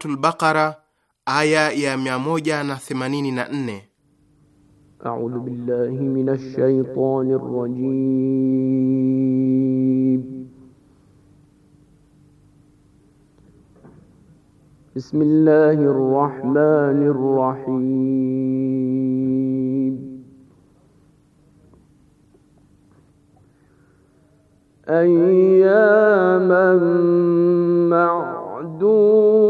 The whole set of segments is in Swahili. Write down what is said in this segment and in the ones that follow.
Suratul Baqara aya ya 184. A'udhu billahi minash shaitanir rajim. Bismillahir rahmanir rahim. Ayyaman ma'dud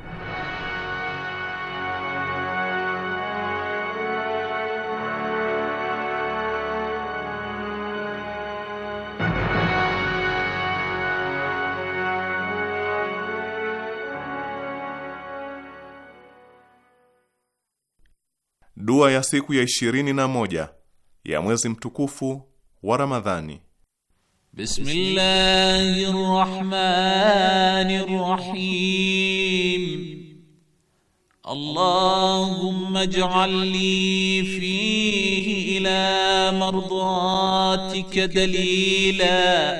dua ya siku ya ishirini na moja ya mwezi mtukufu wa Ramadhani. Bismillahir Rahmanir Rahim. Allahumma ij'al fihi ila mardatika dalila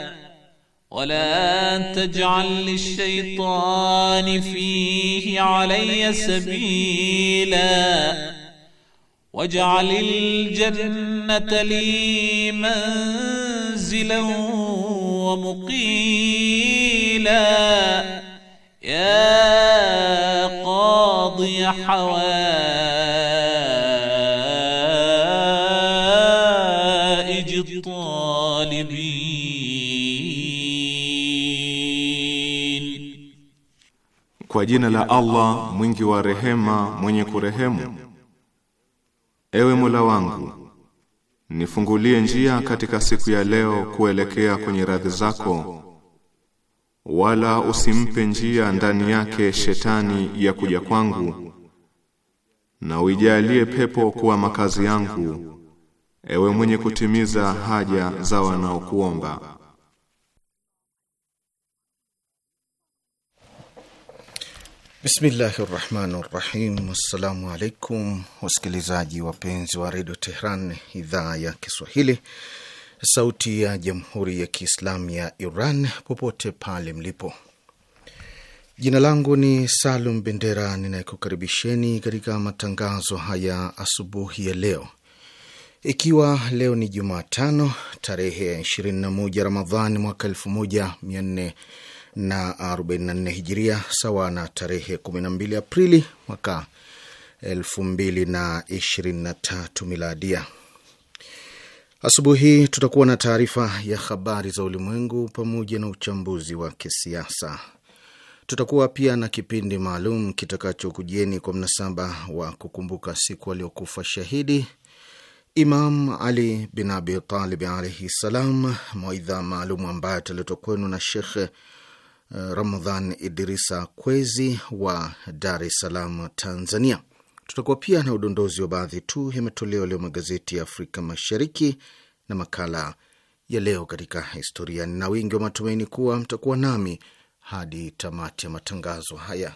ولا تجعل للشيطان فيه علي سبيلا واجعل الجنة لي منزلا ومقيلا يا قاضي حوائج الطالبين Kwa jina la Allah mwingi wa rehema mwenye kurehemu Ewe Mola wangu, nifungulie njia katika siku ya leo kuelekea kwenye radhi zako, wala usimpe njia ndani yake shetani ya kuja kwangu, na uijalie pepo kuwa makazi yangu, ewe mwenye kutimiza haja za wanaokuomba. Bismillahi rahmani rahim. Assalamu alaikum wasikilizaji wapenzi wa redio Tehran, idhaa ya Kiswahili, sauti ya jamhuri ya kiislamu ya Iran, popote pale mlipo. Jina langu ni Salum Bendera, ninayekukaribisheni katika matangazo haya asubuhi ya leo, ikiwa leo ni Jumatano tarehe 21 Ramadhani mwaka 1400 na 44 hijiria sawa na tarehe 12 Aprili mwaka 2023 miladia. Asubuhi tutakuwa na taarifa ya habari za ulimwengu pamoja na uchambuzi wa kisiasa. Tutakuwa pia na kipindi maalum kitakachokujieni kwa mnasaba wa kukumbuka siku aliyokufa shahidi Imam Ali bin Abi Talib alaihi ssalam, mawaidha maalum ambayo ataletwa kwenu na Shekhe Eh, Ramadhan Idrisa Kwezi wa Dar es Salaam, Tanzania. Tutakuwa pia na udondozi wa baadhi tu matoleo leo magazeti ya Afrika Mashariki na makala ya leo katika historia, na wingi wa matumaini kuwa mtakuwa nami hadi tamati ya matangazo haya.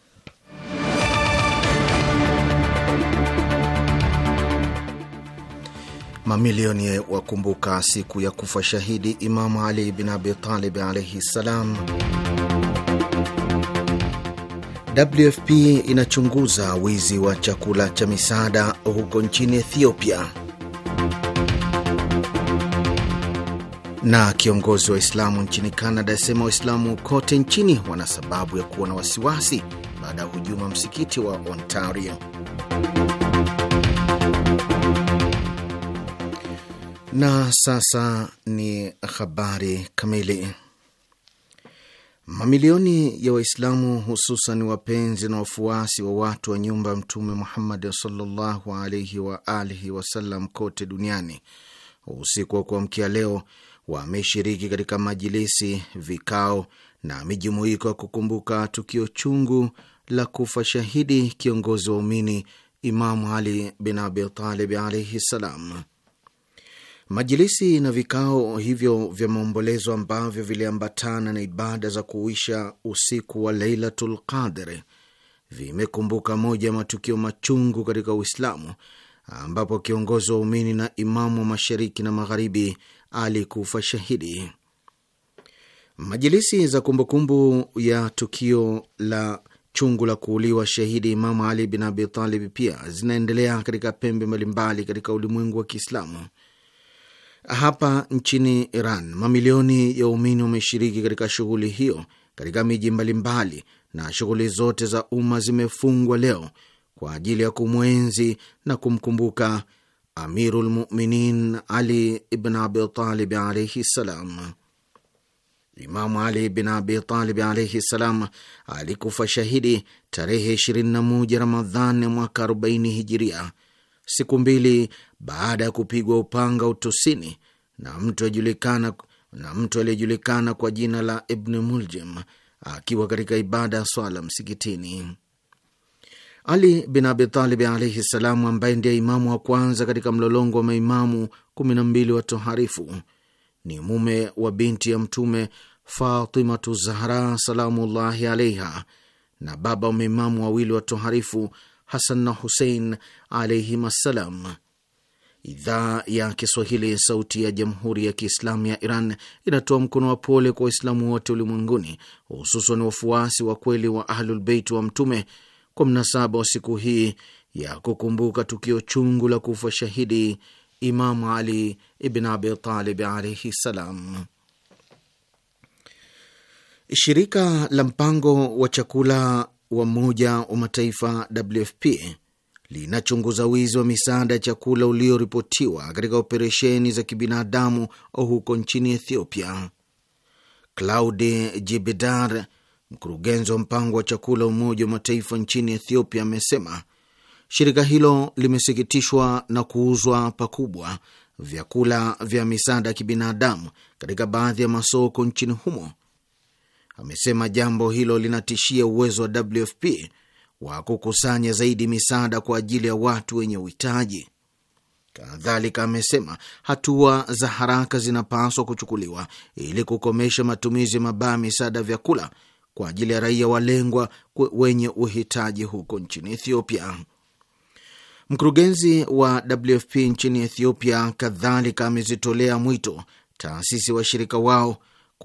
Mamilioni wakumbuka siku ya kufa shahidi Imamu Ali bin Abi Talib alaihi ssalam. WFP inachunguza wizi wa chakula cha misaada huko nchini Ethiopia. Na kiongozi wa Waislamu nchini Canada asema Waislamu kote nchini wana sababu ya kuwa na wasiwasi baada ya hujuma msikiti wa Ontario. Na sasa ni habari kamili. Mamilioni ya Waislamu hususan wapenzi na wafuasi wa watu wa nyumba ya Mtume Muhammad sallallahu alaihi wa alihi wasallam kote duniani usiku wa kuamkia leo wameshiriki katika majilisi, vikao na mijumuiko ya kukumbuka tukio chungu la kufa shahidi kiongozi wa umini Imamu Ali bin Abi Talib alaihi ssalam. Majilisi na vikao hivyo vya maombolezo ambavyo viliambatana na ibada za kuisha usiku wa Lailatul Qadri vimekumbuka moja ya matukio machungu katika Uislamu ambapo kiongozi wa umini na imamu wa mashariki na magharibi alikufa shahidi. Majilisi za kumbukumbu ya tukio la chungu la kuuliwa shahidi Imamu Ali bin Abi Talib pia zinaendelea katika pembe mbalimbali katika ulimwengu wa Kiislamu. Hapa nchini Iran, mamilioni ya waumini wameshiriki katika shughuli hiyo katika miji mbalimbali, na shughuli zote za umma zimefungwa leo kwa ajili ya kumwenzi na kumkumbuka Amirulmuminin Ali ibn Abitalib alaihi ssalam. Imamu Ali bin Abi Talib alaihi ssalam alikufa shahidi tarehe 21 Ramadhan ya mwaka 40 Hijiria, siku mbili baada ya kupigwa upanga utosini na mtu aliyejulikana na mtu aliyejulikana kwa jina la Ibn Muljim akiwa katika ibada ya swala msikitini. Ali bin Abitalib alaihi ssalamu, ambaye ndiye imamu wa kwanza katika mlolongo wa maimamu kumi na mbili watoharifu, ni mume wa binti ya Mtume Fatimatu Zahra salamullahi alaiha na baba wa maimamu wawili watoharifu Hasan na Husein alaihim assalam. Idhaa ya Kiswahili, Sauti ya Jamhuri ya Kiislamu ya Iran inatoa mkono wa pole kwa Waislamu wote ulimwenguni, hususan wafuasi wa kweli wa Ahlulbeiti wa Mtume kwa mnasaba wa siku hii ya kukumbuka tukio chungu la kufa shahidi Imamu Ali ibn Abi Talib alaihi ssalam. Shirika la mpango wa chakula wa Umoja wa Mataifa WFP linachunguza wizi wa misaada ya chakula ulioripotiwa katika operesheni za kibinadamu huko nchini Ethiopia. Claudi Jibedar, mkurugenzi wa mpango wa chakula Umoja wa Mataifa nchini Ethiopia, amesema shirika hilo limesikitishwa na kuuzwa pakubwa vyakula vya misaada ya kibinadamu katika baadhi ya masoko nchini humo amesema jambo hilo linatishia uwezo wa WFP wa kukusanya zaidi misaada kwa ajili ya watu wenye uhitaji. Kadhalika amesema hatua za haraka zinapaswa kuchukuliwa ili kukomesha matumizi mabaya misaada ya vyakula kwa ajili ya raia walengwa wenye uhitaji huko nchini Ethiopia. Mkurugenzi wa WFP nchini Ethiopia kadhalika amezitolea mwito taasisi washirika wao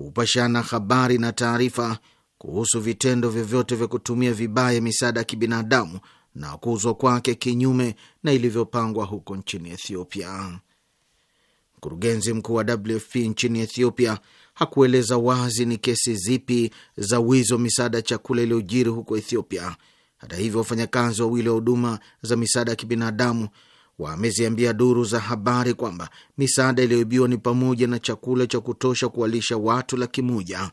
kupashana habari na taarifa kuhusu vitendo vyovyote vya kutumia vibaya misaada ya kibinadamu na kuuzwa kwake kinyume na ilivyopangwa huko nchini Ethiopia. Mkurugenzi mkuu wa WFP nchini Ethiopia hakueleza wazi ni kesi zipi za wizi wa misaada ya chakula iliyojiri huko Ethiopia. Hata hivyo, wafanyakazi wawili wa huduma za misaada ya kibinadamu wameziambia duru za habari kwamba misaada iliyoibiwa ni pamoja na chakula cha kutosha kuwalisha watu laki moja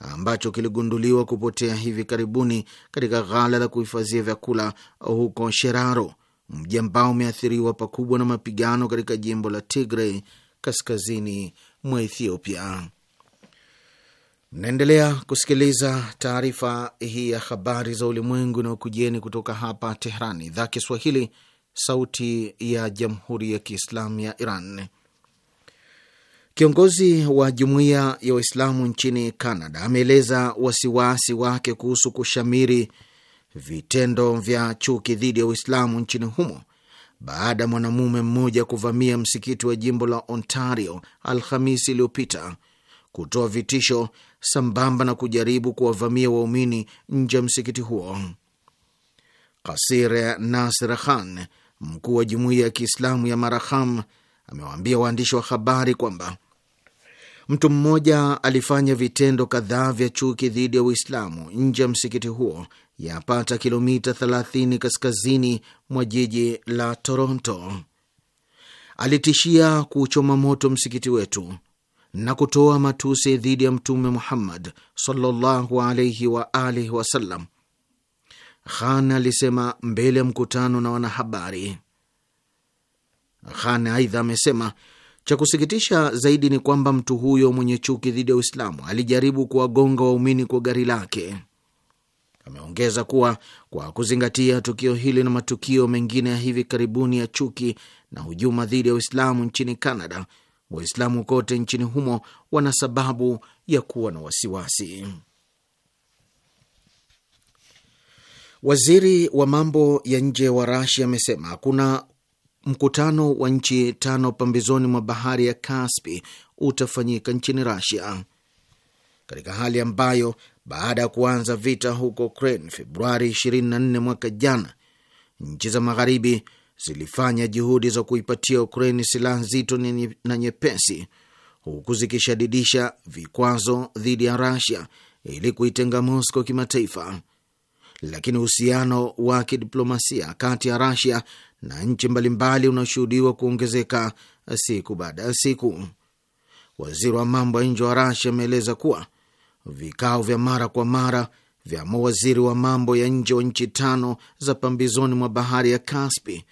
ambacho kiligunduliwa kupotea hivi karibuni katika ghala la kuhifadhia vyakula huko Sheraro, mji ambao umeathiriwa pakubwa na mapigano katika jimbo la Tigray kaskazini mwa Ethiopia. Mnaendelea kusikiliza taarifa hii ya habari za ulimwengu na ukujieni kutoka hapa Tehrani, idhaa Kiswahili, Sauti ya Jamhuri ya Kiislamu ya Iran. Kiongozi wa Jumuiya ya Waislamu nchini Canada ameeleza wasiwasi wake kuhusu kushamiri vitendo vya chuki dhidi ya Uislamu nchini humo baada ya mwanamume mmoja kuvamia msikiti wa jimbo la Ontario Alhamisi iliyopita kutoa vitisho sambamba na kujaribu kuwavamia waumini nje ya msikiti huo. Kasir Nasir Khan, mkuu wa jumuiya ya Kiislamu ya Maraham amewaambia waandishi wa habari kwamba mtu mmoja alifanya vitendo kadhaa vya chuki dhidi ya Uislamu nje ya msikiti huo yapata kilomita 30 kaskazini mwa jiji la Toronto. Alitishia kuchoma moto msikiti wetu na kutoa matusi dhidi ya Mtume Muhammad sallallahu alaihi wa alihi wasallam Khan alisema mbele ya mkutano na wanahabari. Khan aidha amesema cha kusikitisha zaidi ni kwamba mtu huyo mwenye chuki dhidi ya Uislamu alijaribu kuwagonga waumini kwa gari lake. Ameongeza kuwa kwa kuzingatia tukio hili na matukio mengine ya hivi karibuni ya chuki na hujuma dhidi ya Uislamu nchini Kanada, Waislamu kote nchini humo wana sababu ya kuwa na wasiwasi. Waziri wa mambo ya nje wa Rasia amesema kuna mkutano wa nchi tano pambezoni mwa bahari ya Kaspi utafanyika nchini Rasia katika hali ambayo baada ya kuanza vita huko Ukraine Februari 24 mwaka jana, nchi za magharibi zilifanya juhudi za kuipatia Ukraine silaha nzito na nyepesi, huku zikishadidisha vikwazo dhidi ya rasia ili kuitenga Moscow kimataifa lakini uhusiano wa kidiplomasia kati ya Rasia na nchi mbalimbali unashuhudiwa kuongezeka siku baada ya siku. Waziri wa mambo ya nje wa Rasia ameeleza kuwa vikao vya mara kwa mara vya mawaziri wa mambo ya nje wa nchi tano za pambizoni mwa bahari ya Kaspi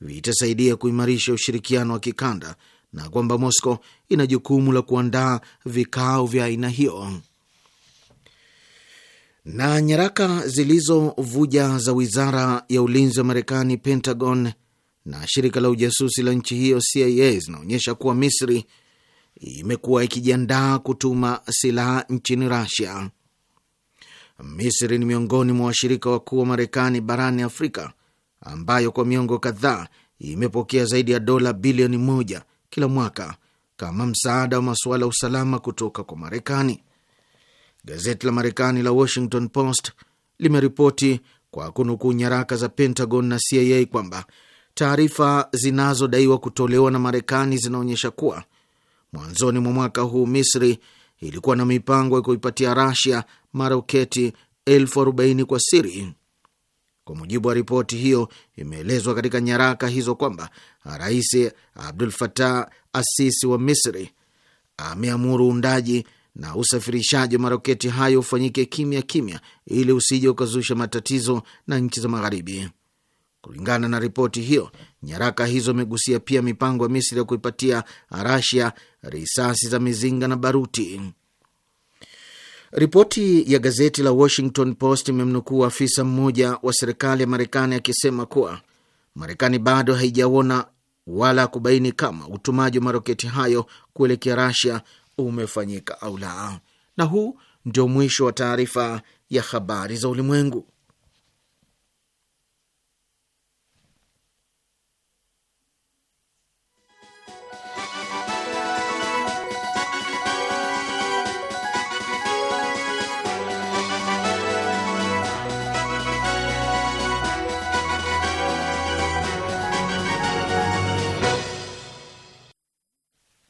vitasaidia kuimarisha ushirikiano wa kikanda na kwamba Moscow ina jukumu la kuandaa vikao vya aina hiyo. Na nyaraka zilizovuja za wizara ya ulinzi wa Marekani, Pentagon, na shirika la ujasusi la nchi hiyo CIA zinaonyesha kuwa Misri imekuwa ikijiandaa kutuma silaha nchini Rasia. Misri ni miongoni mwa washirika wakuu wa Marekani barani Afrika, ambayo kwa miongo kadhaa imepokea zaidi ya dola bilioni moja kila mwaka kama msaada wa masuala ya usalama kutoka kwa Marekani. Gazeti la Marekani la Washington Post limeripoti kwa kunukuu nyaraka za Pentagon na CIA kwamba taarifa zinazodaiwa kutolewa na Marekani zinaonyesha kuwa mwanzoni mwa mwaka huu Misri ilikuwa na mipango ya kuipatia Rasia maroketi elfu arobaini kwa siri. Kwa mujibu wa ripoti hiyo, imeelezwa katika nyaraka hizo kwamba Rais Abdul Fatah Asisi wa Misri ameamuru uundaji na usafirishaji wa maroketi hayo ufanyike kimya kimya ili usije ukazusha matatizo na nchi za Magharibi. Kulingana na ripoti hiyo, nyaraka hizo imegusia pia mipango ya Misri ya kuipatia Rasia risasi za mizinga na baruti. Ripoti ya gazeti la Washington Post imemnukuu afisa mmoja wa serikali ya Marekani akisema kuwa Marekani bado haijaona wala kubaini kama utumaji wa maroketi hayo kuelekea Rasia umefanyika au la. Na huu ndio mwisho wa taarifa ya habari za ulimwengu.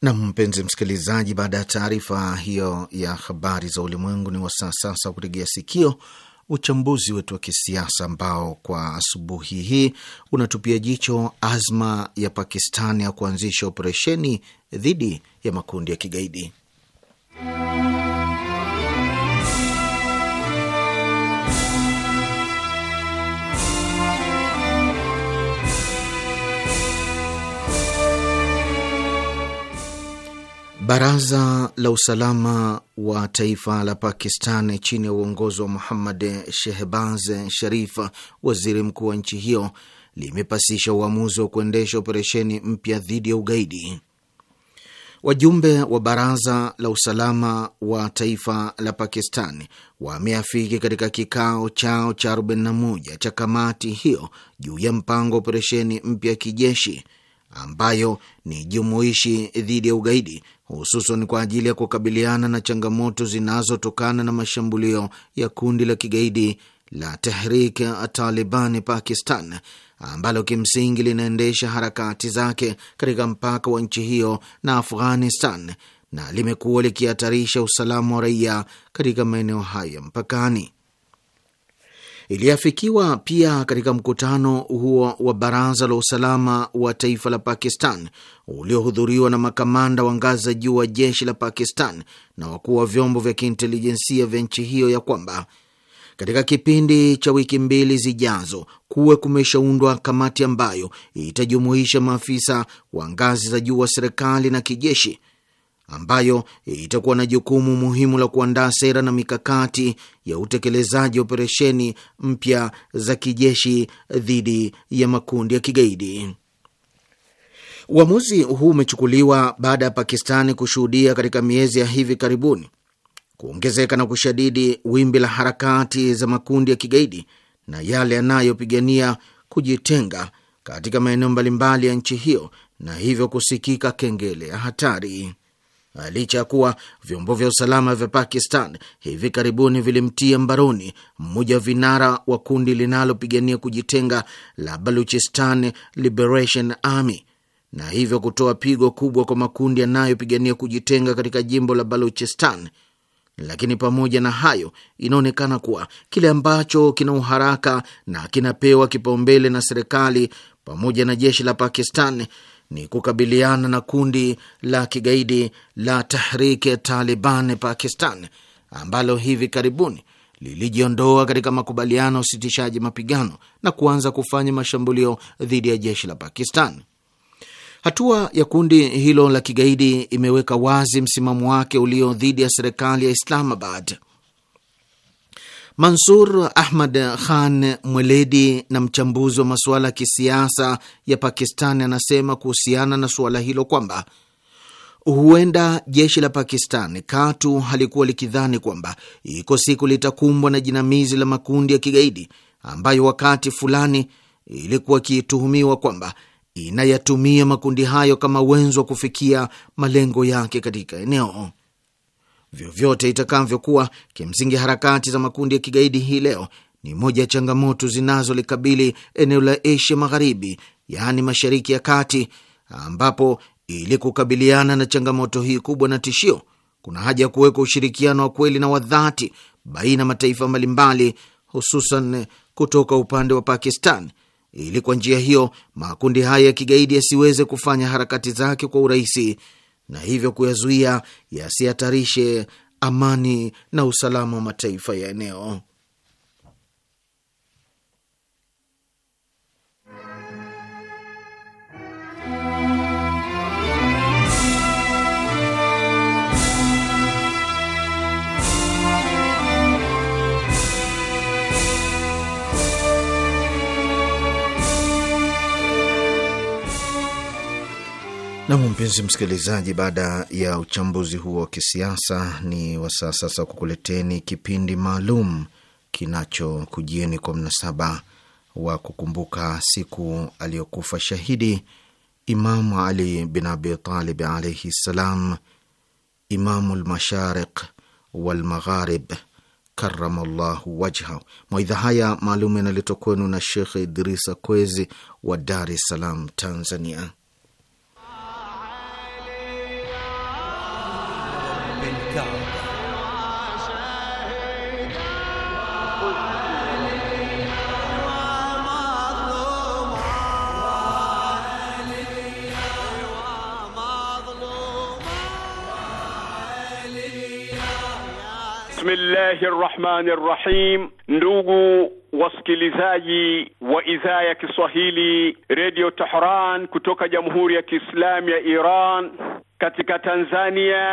Na mpenzi msikilizaji, baada ya taarifa hiyo ya habari za ulimwengu, ni wasaa sasa kutegea sikio uchambuzi wetu wa kisiasa ambao kwa asubuhi hii unatupia jicho azma ya Pakistan ya kuanzisha operesheni dhidi ya makundi ya kigaidi. Baraza la usalama wa taifa la Pakistan chini ya uongozi wa Muhammad Shehbaz Sharif, waziri mkuu wa nchi hiyo, limepasisha uamuzi wa kuendesha operesheni mpya dhidi ya ugaidi. Wajumbe wa baraza la usalama wa taifa la Pakistan wameafiki katika kikao chao cha 41 cha kamati hiyo juu ya mpango wa operesheni mpya ya kijeshi ambayo ni jumuishi dhidi ya ugaidi, hususan kwa ajili ya kukabiliana na changamoto zinazotokana na mashambulio ya kundi la kigaidi la Tehrik Taliban Pakistan ambalo kimsingi linaendesha harakati zake katika mpaka wa nchi hiyo na Afghanistan na limekuwa likihatarisha usalama wa raia katika maeneo hayo ya mpakani iliafikiwa pia katika mkutano huo wa Baraza la Usalama wa Taifa la Pakistan uliohudhuriwa na makamanda wa ngazi za juu wa jeshi la Pakistan na wakuu wa vyombo vya kiintelijensia vya nchi hiyo ya kwamba katika kipindi cha wiki mbili zijazo kuwe kumeshaundwa kamati ambayo itajumuisha maafisa wa ngazi za juu wa serikali na kijeshi ambayo itakuwa na jukumu muhimu la kuandaa sera na mikakati ya utekelezaji operesheni mpya za kijeshi dhidi ya makundi ya kigaidi. Uamuzi huu umechukuliwa baada ya Pakistani kushuhudia katika miezi ya hivi karibuni kuongezeka na kushadidi wimbi la harakati za makundi ya kigaidi na yale yanayopigania kujitenga katika maeneo mbalimbali ya nchi hiyo na hivyo kusikika kengele ya hatari licha ya kuwa vyombo vya usalama vya Pakistan hivi karibuni vilimtia mbaroni mmoja wa vinara wa kundi linalopigania kujitenga la Baluchistan Liberation Army na hivyo kutoa pigo kubwa kwa makundi yanayopigania kujitenga katika jimbo la Baluchistan. Lakini pamoja na hayo, inaonekana kuwa kile ambacho kina uharaka na kinapewa kipaumbele na serikali pamoja na jeshi la Pakistan ni kukabiliana na kundi la kigaidi la Tahriki Taliban Pakistan ambalo hivi karibuni lilijiondoa katika makubaliano ya usitishaji mapigano na kuanza kufanya mashambulio dhidi ya jeshi la Pakistan. Hatua ya kundi hilo la kigaidi imeweka wazi msimamo wake ulio dhidi ya serikali ya Islamabad. Mansur Ahmad Khan, mweledi na mchambuzi wa masuala ya kisiasa ya Pakistani, anasema kuhusiana na suala hilo kwamba huenda jeshi la Pakistani katu halikuwa likidhani kwamba iko siku litakumbwa na jinamizi la makundi ya kigaidi ambayo wakati fulani ilikuwa ikituhumiwa kwamba inayatumia makundi hayo kama wenzo wa kufikia malengo yake katika eneo. Vyovyote itakavyokuwa, kimsingi harakati za makundi ya kigaidi hii leo ni moja ya changamoto zinazolikabili eneo la Asia Magharibi, yaani Mashariki ya Kati, ambapo ili kukabiliana na changamoto hii kubwa na tishio, kuna haja ya kuweka ushirikiano wa kweli na wa dhati baina ya mataifa mbalimbali, hususan kutoka upande wa Pakistan, ili kwa njia hiyo makundi haya ya kigaidi yasiweze kufanya harakati zake kwa urahisi na hivyo kuyazuia yasihatarishe amani na usalama wa mataifa ya eneo. Nam, mpenzi msikilizaji, baada ya uchambuzi huo wa kisiasa, ni wasaa sasa kukuleteni kipindi maalum kinachokujieni kwa mnasaba wa kukumbuka siku aliyokufa shahidi Imamu Ali bin Abi Talib alaihi ssalam, Imamu lmashariq walmagharib karamallahu wajha. Mawaidha haya maalum yanaletwa kwenu na Shekh Idrisa Kwezi wa Dar es Salaam, Tanzania. Bismillahi rrahmani rrahim. Ndugu wasikilizaji wa idhaa ya Kiswahili redio Tehran kutoka Jamhuri ya Kiislamu ya Iran, katika Tanzania,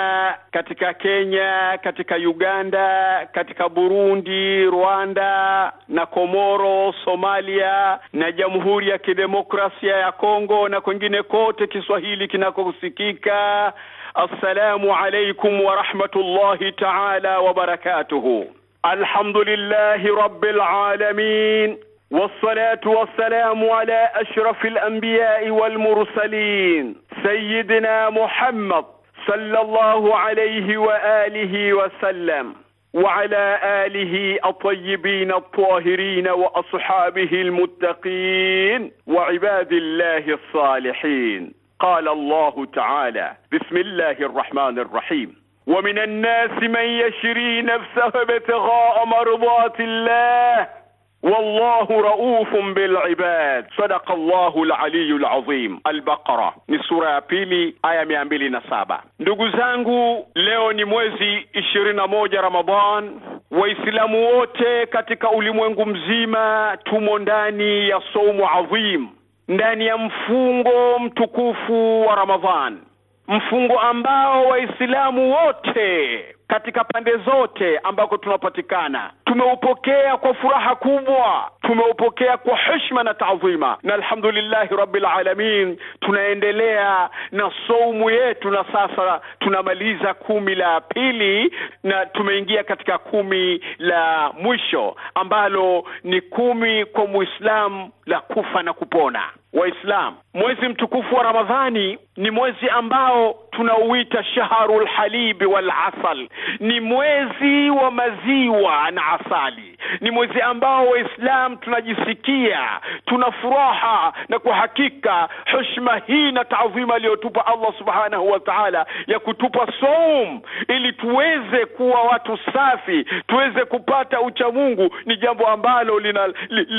katika Kenya, katika Uganda, katika Burundi, Rwanda na Komoro, Somalia na Jamhuri ya Kidemokrasia ya Kongo na kwengine kote Kiswahili kinakosikika السلام عليكم ورحمة الله تعالى وبركاته الحمد لله رب العالمين والصلاة والسلام على أشرف الأنبياء والمرسلين سيدنا محمد صلى الله عليه وآله وسلم وعلى آله الطيبين الطاهرين وأصحابه المتقين وعباد الله الصالحين قال الله تعالى بسم الله الرحمن الرحيم ومن الناس من يشري نفسه ابتغاء مرضات الله والله رؤوف بالعباد صدق الله العلي العظيم البقرة نسورة بيلي آية ميامبيلي نصابة دوغوزانغو ليوني موزي إشرين موجة رمضان Waislamu wote katika ulimwengu mzima tumo ndani ya somo ndani ya mfungo mtukufu wa Ramadhan, mfungo ambao Waislamu wote katika pande zote ambako tunapatikana. Tumeupokea kwa furaha kubwa, tumeupokea kwa heshima na taadhima, na alhamdulillahi rabbil alamin. Tunaendelea na saumu yetu, na sasa tunamaliza kumi la pili na tumeingia katika kumi la mwisho ambalo ni kumi kwa Muislamu la kufa na kupona. Waislamu. Mwezi mtukufu wa Ramadhani ni mwezi ambao tunauita shaharul halibi wal asal, ni mwezi wa maziwa na asali, ni mwezi ambao Waislam tunajisikia tuna furaha, na kwa hakika heshima hii na taadhima aliyotupa Allah subhanahu wa ta'ala ya kutupa saum ili tuweze kuwa watu safi, tuweze kupata uchamungu, ni jambo ambalo linatupa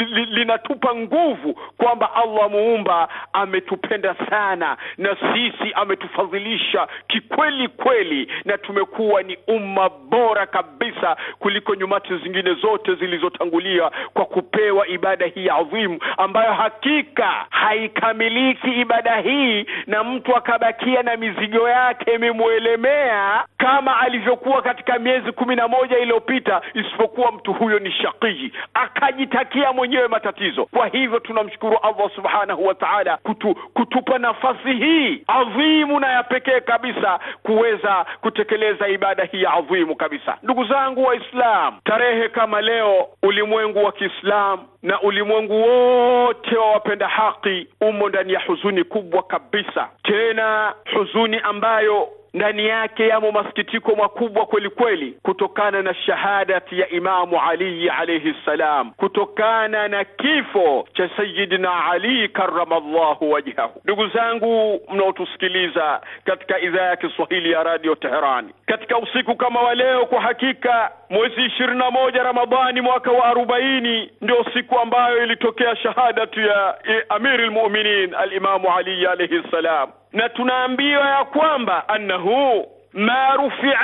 lina, lina nguvu kwamba Allah muumba ametupenda sana na sisi ametufadhilisha kikweli kweli na tumekuwa ni umma bora kabisa kuliko nyumati zingine zote zilizotangulia kwa kupewa ibada hii adhimu ambayo hakika haikamiliki ibada hii na mtu akabakia na mizigo yake imemwelemea kama alivyokuwa katika miezi kumi na moja iliyopita isipokuwa mtu huyo ni shakiji akajitakia mwenyewe matatizo kwa hivyo tunamshukuru allah subhanahu subhanahu wa taala kutu, kutupa nafasi hii adhimu na ya pekee kabisa kuweza kutekeleza ibada hii adhimu kabisa. Ndugu zangu waislam tarehe kama leo ulimwengu wa Kiislamu na ulimwengu wote wa wapenda haki umo ndani ya huzuni kubwa kabisa, tena huzuni ambayo ndani yake yamo masikitiko makubwa kweli kweli, kutokana na shahadati ya Imamu Ali alayhi salam, kutokana na kifo cha Sayyidina Ali karamallahu wajhahu. Ndugu zangu mnaotusikiliza katika idhaa ya Kiswahili ya Radio Teherani, katika usiku kama wa leo, kwa hakika mwezi ishirini na moja Ramadhani mwaka wa arobaini ndio siku ambayo ilitokea shahadatu ya Amirul Mu'minin al-Imamu Ali alayhi salam na tunaambiwa ya kwamba annahu ma rufia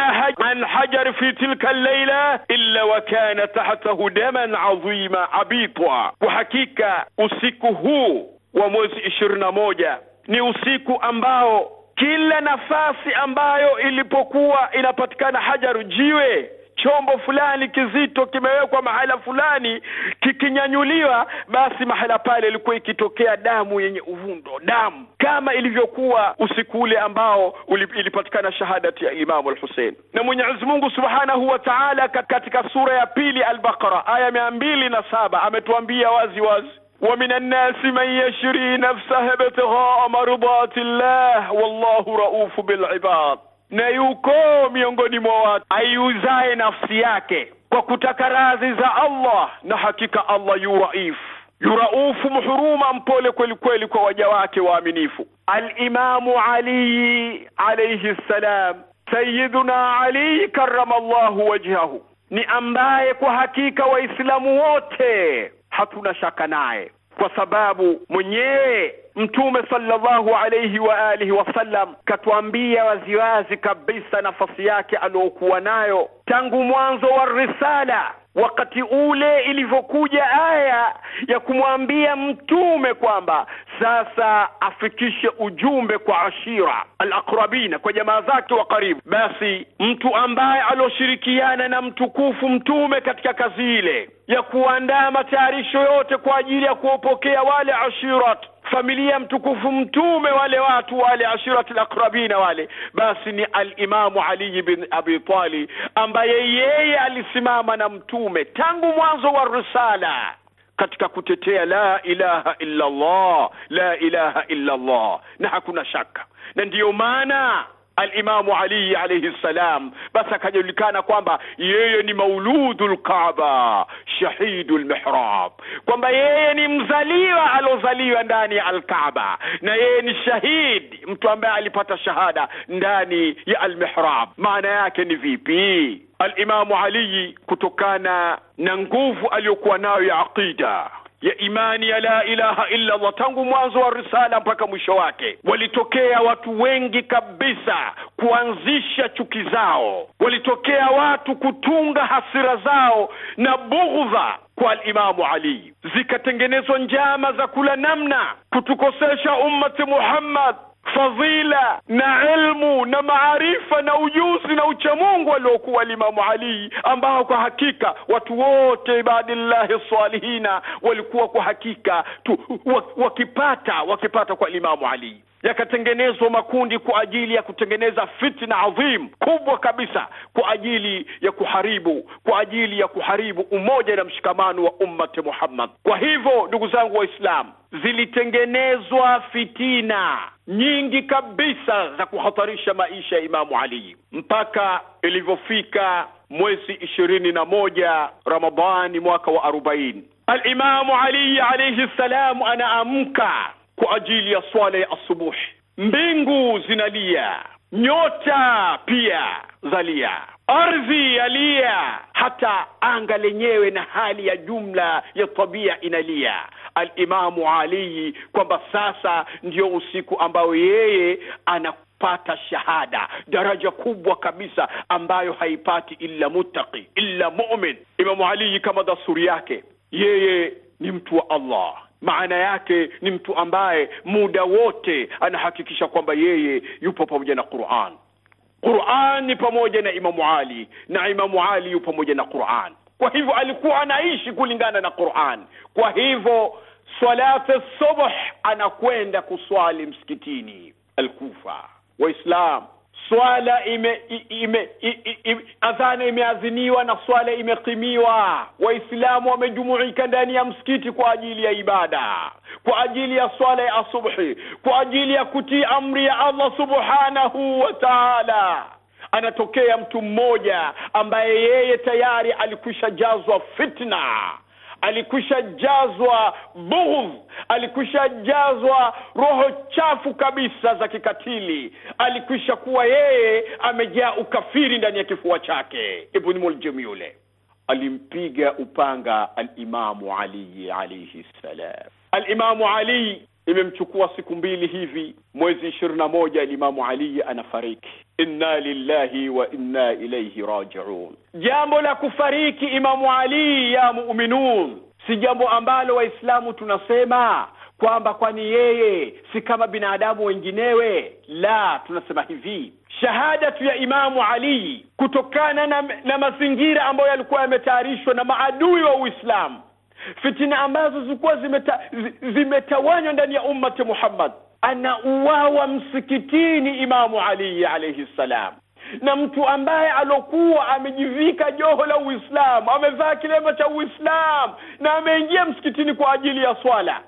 an hajar fi tilka llaila illa wa kana tahtahu daman azima abita Kwa hakika usiku huu wa mwezi ishirini na moja ni usiku ambao kila nafasi ambayo ilipokuwa inapatikana hajaru jiwe chombo fulani kizito kimewekwa mahala fulani, kikinyanyuliwa, basi mahala pale ilikuwa ikitokea damu yenye uvundo, damu kama ilivyokuwa usiku ule ambao ilipatikana shahadati ya Imamu al-Hussein. Na Mwenyezi Mungu subhanahu wa taala katika sura ya pili Al-Baqara aya mia mbili na saba ametuambia wazi wazi wa min annasi man yashri nafsahu ibtighaa mardati llah wallahu raufu bilibad na yuko miongoni mwa watu aiuzaye nafsi yake kwa kutaka radhi za Allah, na hakika Allah yu raif yuraufu mhuruma, mpole kweli kweli kwa waja wake waaminifu. Alimamu Ali alayhi salam, Sayyiduna Ali karamallahu wajhahu, ni ambaye kwa hakika Waislamu wote hatuna shaka naye, kwa sababu mwenyewe Mtume sallallahu alayhi wa alihi wasallam katuambia waziwazi kabisa nafasi yake aliyokuwa nayo tangu mwanzo wa risala wakati ule ilivyokuja aya ya kumwambia mtume kwamba sasa afikishe ujumbe kwa ashira alaqrabina, kwa jamaa zake wa karibu. Basi mtu ambaye alioshirikiana na mtukufu mtume katika kazi ile ya kuandaa matayarisho yote kwa ajili ya kuwapokea wale ashirat familia mtukufu mtume wale watu wale ashirati laqrabina wale basi ni alimamu ali bin abi talib ambaye yeye alisimama na mtume tangu mwanzo wa risala katika kutetea la ilaha illa allah la ilaha illa allah na hakuna shaka na ndiyo maana alimamu Ali alayhi salam, basi akajulikana kwamba yeye ni mauludu lkaaba shahidu lmihrab, kwamba yeye ni mzaliwa alozaliwa ndani ya Alkaaba na yeye ni shahid mtu ambaye alipata shahada ndani ya almihrab. Maana yake ni vipi? Alimamu Ali kutokana na nguvu aliyokuwa nayo ya aqida ya imani ya la ilaha illa Allah tangu mwanzo wa risala mpaka mwisho wake. Walitokea watu wengi kabisa kuanzisha chuki zao, walitokea watu kutunga hasira zao na bughdha kwa alimamu Ali, zikatengenezwa njama za kula namna kutukosesha ummati Muhammad fadhila na ilmu na maarifa na ujuzi na uchamungu aliokuwa limamu Ali, ambao kwa hakika watu wote ibadillahi salihina walikuwa kwa hakika tu wakipata wakipata kwa limamu Ali yakatengenezwa makundi kwa ajili ya kutengeneza fitna adhim kubwa kabisa, kwa ajili ya kuharibu kwa ajili ya kuharibu umoja na mshikamano wa ummati Muhammad. Kwa hivyo, ndugu zangu Waislamu, zilitengenezwa fitina nyingi kabisa za kuhatarisha maisha ya Imamu Ali mpaka ilivyofika mwezi ishirini na moja Ramadhani mwaka wa arobaini Alimamu Ali alayhi ssalamu anaamka kwa ajili ya swala ya asubuhi. Mbingu zinalia, nyota pia zalia, ardhi yalia, hata anga lenyewe na hali ya jumla ya tabia inalia. Alimamu Ali kwamba sasa ndio usiku ambao yeye ana pata shahada, daraja kubwa kabisa ambayo haipati illa muttaqi, illa mu'min. Imamu Ali kama dasturi yake, yeye ni mtu wa Allah, maana yake ni mtu ambaye muda wote anahakikisha kwamba yeye yupo pamoja na Qur'an. Qur'an ni pamoja na Imamu Ali na Imamu Ali yupo pamoja na Qur'an kwa hivyo alikuwa anaishi kulingana na quran kwa hivyo swalati subh anakwenda kuswali msikitini alkufa waislam swala ime, ime, ime, ime adhana imeadhiniwa na swala imekimiwa waislamu wamejumuika ndani ya msikiti kwa ajili ya ibada kwa ajili ya swala ya asubuhi kwa ajili ya kutii amri ya allah subhanahu wa taala anatokea mtu mmoja ambaye yeye tayari alikwisha jazwa fitna alikwisha jazwa bughudh alikwisha jazwa roho chafu kabisa za kikatili alikwisha kuwa yeye amejaa ukafiri ndani ya kifua chake ibn muljim yule alimpiga upanga alimamu aliyi alaihi ssalam alimamu ali Imemchukua siku mbili hivi, mwezi ishirini na moja limamu Ali anafariki. Inna lillahi wa inna ilaihi rajiun. Jambo la kufariki Imamu Ali ya muminun si jambo ambalo Waislamu tunasema kwamba kwani yeye si kama binadamu wenginewe. La, tunasema hivi shahadatu ya Imamu Ali kutokana na, na mazingira ambayo yalikuwa yametayarishwa na maadui wa Uislamu fitina ambazo zilikuwa zimeta, zimetawanywa ndani ya ummati Muhammad. Anauawa msikitini Imamu Ali alaihi ssalam, na mtu ambaye alokuwa amejivika joho la Uislamu, amevaa kilemba cha Uislamu na ameingia msikitini kwa ajili ya swala,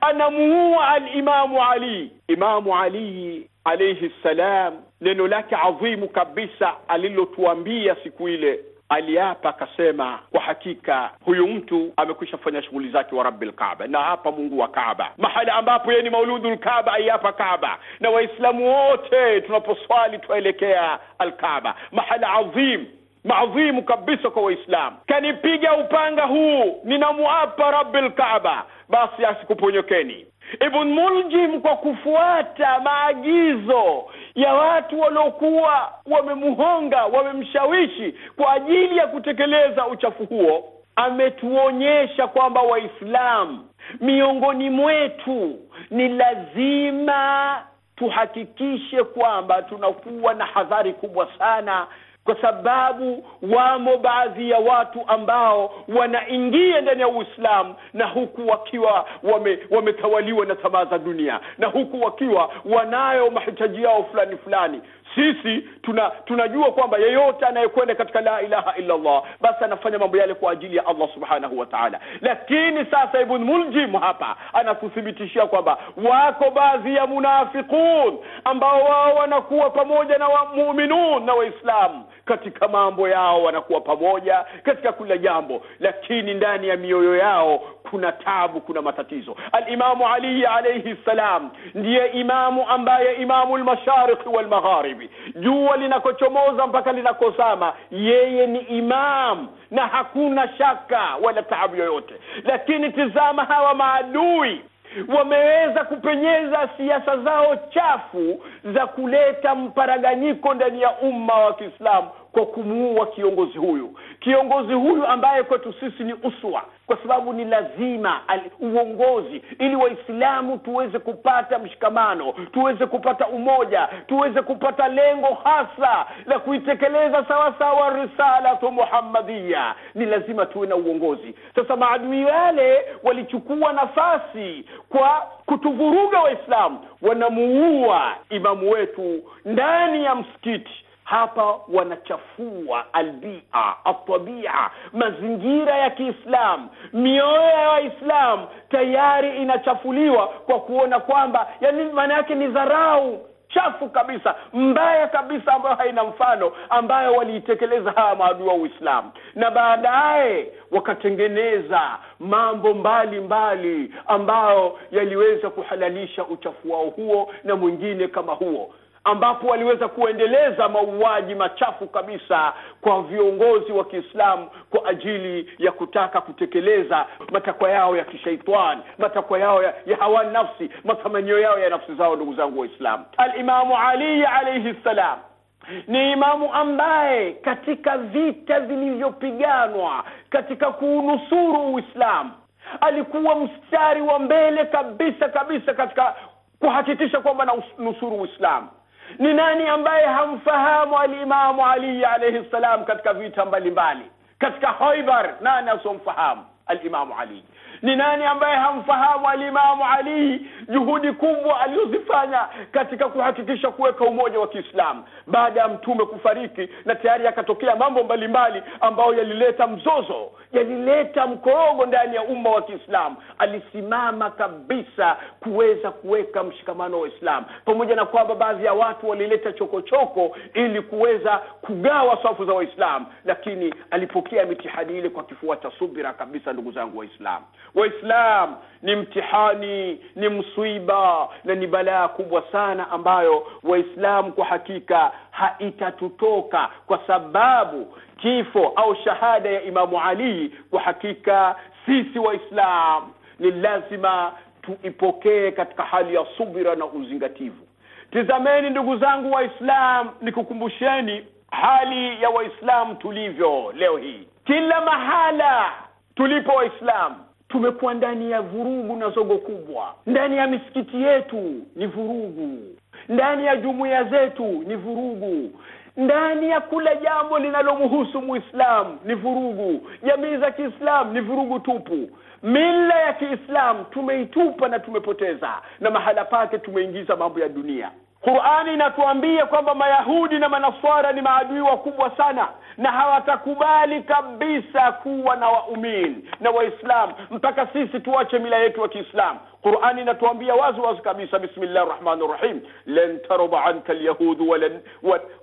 anamuua alimamu Ali. Imamu Ali alaihi ssalam, neno lake adhimu kabisa alilotuambia siku ile aliapa akasema, kwa hakika huyu mtu amekwisha fanya shughuli zake wa rabbil Kaaba, na hapa Mungu wa Kaaba, mahala ambapo yeye ni mauludul Kaaba, aiapa Kaaba. Na Waislamu wote tunaposwali tuelekea Alkaaba, mahala adhim maadhimu kabisa kwa Waislamu. Kanipiga upanga huu, ninamuapa rabbil Kaaba, basi asikuponyokeni. Ibn Muljim kwa kufuata maagizo ya watu waliokuwa wamemhonga, wamemshawishi kwa ajili ya kutekeleza uchafu huo. Ametuonyesha kwamba Waislamu miongoni mwetu ni lazima tuhakikishe kwamba tunakuwa na hadhari kubwa sana kwa sababu wamo baadhi ya watu ambao wanaingia ndani ya uislamu na huku wakiwa wame, wametawaliwa na tamaa za dunia na huku wakiwa wanayo mahitaji yao fulani fulani sisi tuna, tunajua kwamba yeyote anayekwenda katika la ilaha illa Allah basi anafanya mambo yale kwa ajili ya Allah subhanahu wa ta'ala. Lakini sasa Ibn Muljim hapa anakuthibitishia kwamba wako baadhi ya munafiqun ambao wao wanakuwa pamoja na wamuminun na Waislamu katika mambo yao, wanakuwa pamoja katika kila jambo, lakini ndani ya mioyo yao kuna tabu, kuna matatizo. Alimamu Ali alayhi salam ndiye imamu ambaye imamu lmashariki walmagharibi, jua linakochomoza mpaka linakosama, yeye ni imam na hakuna shaka wala taabu yoyote. Lakini tizama hawa maadui wameweza kupenyeza siasa zao chafu za kuleta mparaganyiko ndani ya umma wa Kiislamu kwa kumuua kiongozi huyu kiongozi huyu ambaye kwetu sisi ni uswa kwa sababu ni lazima al, uongozi ili waislamu tuweze kupata mshikamano tuweze kupata umoja tuweze kupata lengo hasa la kuitekeleza sawasawa risalatu muhammadiya ni lazima tuwe na uongozi sasa maadui wale walichukua nafasi kwa kutuvuruga waislamu wanamuua imamu wetu ndani ya msikiti hapa wanachafua albia atabia, mazingira ya Kiislamu, mioyo ya Waislamu tayari inachafuliwa kwa kuona kwamba, yani maana yake ni dharau chafu kabisa mbaya kabisa ambayo haina mfano ambayo waliitekeleza hawa maadui wa Uislamu, na baadaye wakatengeneza mambo mbalimbali ambayo yaliweza kuhalalisha uchafu wao huo na mwingine kama huo ambapo waliweza kuendeleza mauaji machafu kabisa kwa viongozi wa Kiislamu kwa ajili ya kutaka kutekeleza matakwa yao ya kishaitani, matakwa yao ya, ya hawan nafsi, matamanio yao ya nafsi zao. Ndugu zangu Waislamu, Alimamu Ali alaihi ssalam ni imamu ambaye katika vita vilivyopiganwa katika kuunusuru Uislamu alikuwa mstari wa mbele kabisa kabisa katika kuhakikisha kwamba na nusuru Uislamu. Ni nani ambaye hamfahamu alimamu Ali alayhi salam katika vita mbalimbali mbali. katika Khaibar, nani asomfahamu alimamu Ali? Ni nani ambaye hamfahamu alimamu Ali, juhudi kubwa alizozifanya katika kuhakikisha kuweka umoja wa Kiislamu baada ya mtume kufariki, na tayari yakatokea mambo mbalimbali ambayo yalileta mzozo, yalileta mkorogo ndani ya umma wa Kiislamu. Alisimama kabisa kuweza kuweka mshikamano wa Islamu, pamoja na kwamba baadhi ya watu walileta chokochoko ili kuweza kugawa safu za Waislamu, lakini alipokea mitihadi ile kwa kifua cha subira kabisa, ndugu zangu Waislamu. Waislam, ni mtihani, ni msiba na ni balaa kubwa sana ambayo Waislamu kwa hakika haitatutoka, kwa sababu kifo au shahada ya Imamu Ali kwa hakika sisi waislam ni lazima tuipokee katika hali ya subira na uzingativu. Tizameni ndugu zangu waislam nikukumbusheni hali ya Waislamu tulivyo leo hii, kila mahala tulipo Waislamu tumekuwa ndani ya vurugu na zogo kubwa. Ndani ya misikiti yetu ni vurugu, ndani ya jumuiya zetu ni vurugu, ndani ya kula jambo linalomhusu Muislamu ni vurugu. Jamii za Kiislamu ni vurugu tupu. Mila ya Kiislamu tumeitupa na tumepoteza, na mahala pake tumeingiza mambo ya dunia. Qur'ani inatuambia kwamba Mayahudi na Manaswara ni maadui wakubwa sana na hawatakubali kabisa kuwa na waumini na Waislamu mpaka sisi tuache mila yetu ya Kiislamu. Qur'ani inatuambia wazi wazi kabisa, bismillahir rahmani rahim, lan tarda anka alyahud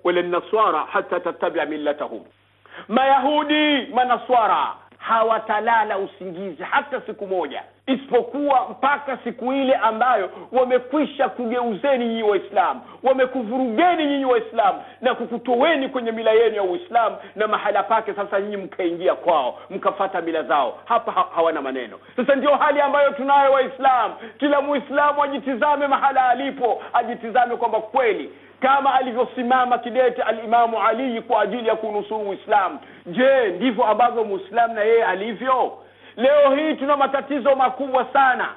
wala nasara hata tattabi'a millatahum. Mayahudi Manaswara hawatalala usingizi hata siku moja isipokuwa mpaka siku ile ambayo wamekwisha kugeuzeni nyinyi waislamu wamekuvurugeni nyinyi waislamu na kukutoweni kwenye mila yenu ya uislamu na mahala pake sasa nyinyi mkaingia kwao mkafata mila zao hapa ha- hawana maneno sasa ndio hali ambayo tunayo waislamu kila muislamu ajitizame mahala alipo ajitizame kwamba kweli kama alivyosimama kidete alimamu alii kwa ajili ya kunusuru uislamu je ndivyo ambavyo muislamu na yeye alivyo Leo hii tuna matatizo makubwa sana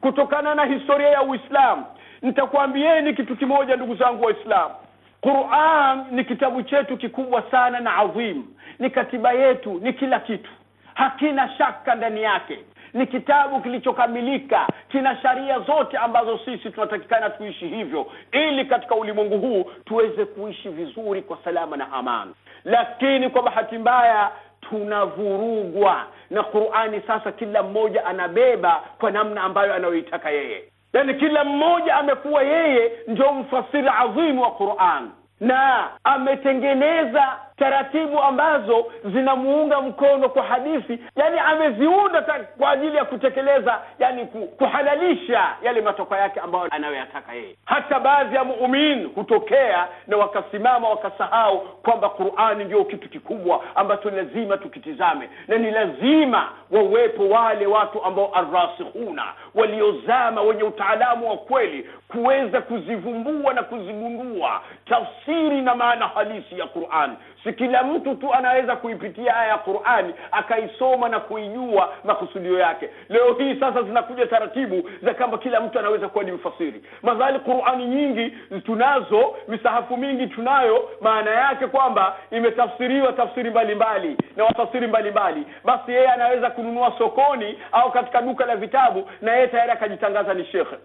kutokana na historia ya Uislamu. Nitakwambieni kitu kimoja, ndugu zangu Waislamu, Quran ni kitabu chetu kikubwa sana na adhimu, ni katiba yetu, ni kila kitu, hakina shaka ndani yake. Ni kitabu kilichokamilika, kina sharia zote ambazo sisi tunatakikana tuishi hivyo, ili katika ulimwengu huu tuweze kuishi vizuri kwa salama na amani. Lakini kwa bahati mbaya tunavurugwa na qurani sasa kila mmoja anabeba kwa namna ambayo anayoitaka yeye yaani kila mmoja amekuwa yeye ndio mfasiri adhimu wa quran na ametengeneza taratibu ambazo zinamuunga mkono kwa hadithi, yani ameziunda kwa ajili ya kutekeleza, yani kuhalalisha yale matokeo yake ambayo anayoyataka yeye. Hata baadhi ya muumini hutokea na wakasimama wakasahau kwamba Qur'ani ndio kitu kikubwa ambacho lazima tukitizame, na ni lazima wawepo wale watu ambao arrasikhuna, waliozama, wenye utaalamu wa kweli kuweza kuzivumbua na kuzigundua tafsiri na maana halisi ya Qur'ani si kila mtu tu anaweza kuipitia aya ya qurani akaisoma na kuijua makusudio yake leo hii sasa zinakuja taratibu za kwamba kila mtu anaweza kuwa ni mfasiri madhali qurani nyingi tunazo misahafu mingi tunayo maana yake kwamba imetafsiriwa tafsiri mbalimbali mbali, na wafasiri mbalimbali basi yeye anaweza kununua sokoni au katika duka la vitabu na yeye tayari akajitangaza ni shekhe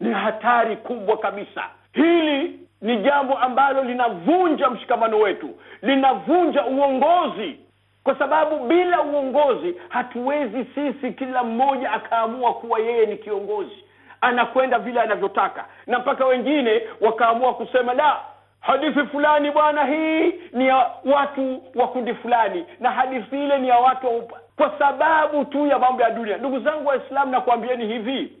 ni hatari kubwa kabisa hili ni jambo ambalo linavunja mshikamano wetu linavunja uongozi kwa sababu bila uongozi hatuwezi sisi kila mmoja akaamua kuwa yeye ni kiongozi anakwenda vile anavyotaka na mpaka wengine wakaamua kusema la hadithi fulani bwana hii ni ya watu wa kundi fulani na hadithi ile ni ya watu wa upa. kwa sababu tu ya mambo ya dunia ndugu zangu waislamu nakuambieni hivi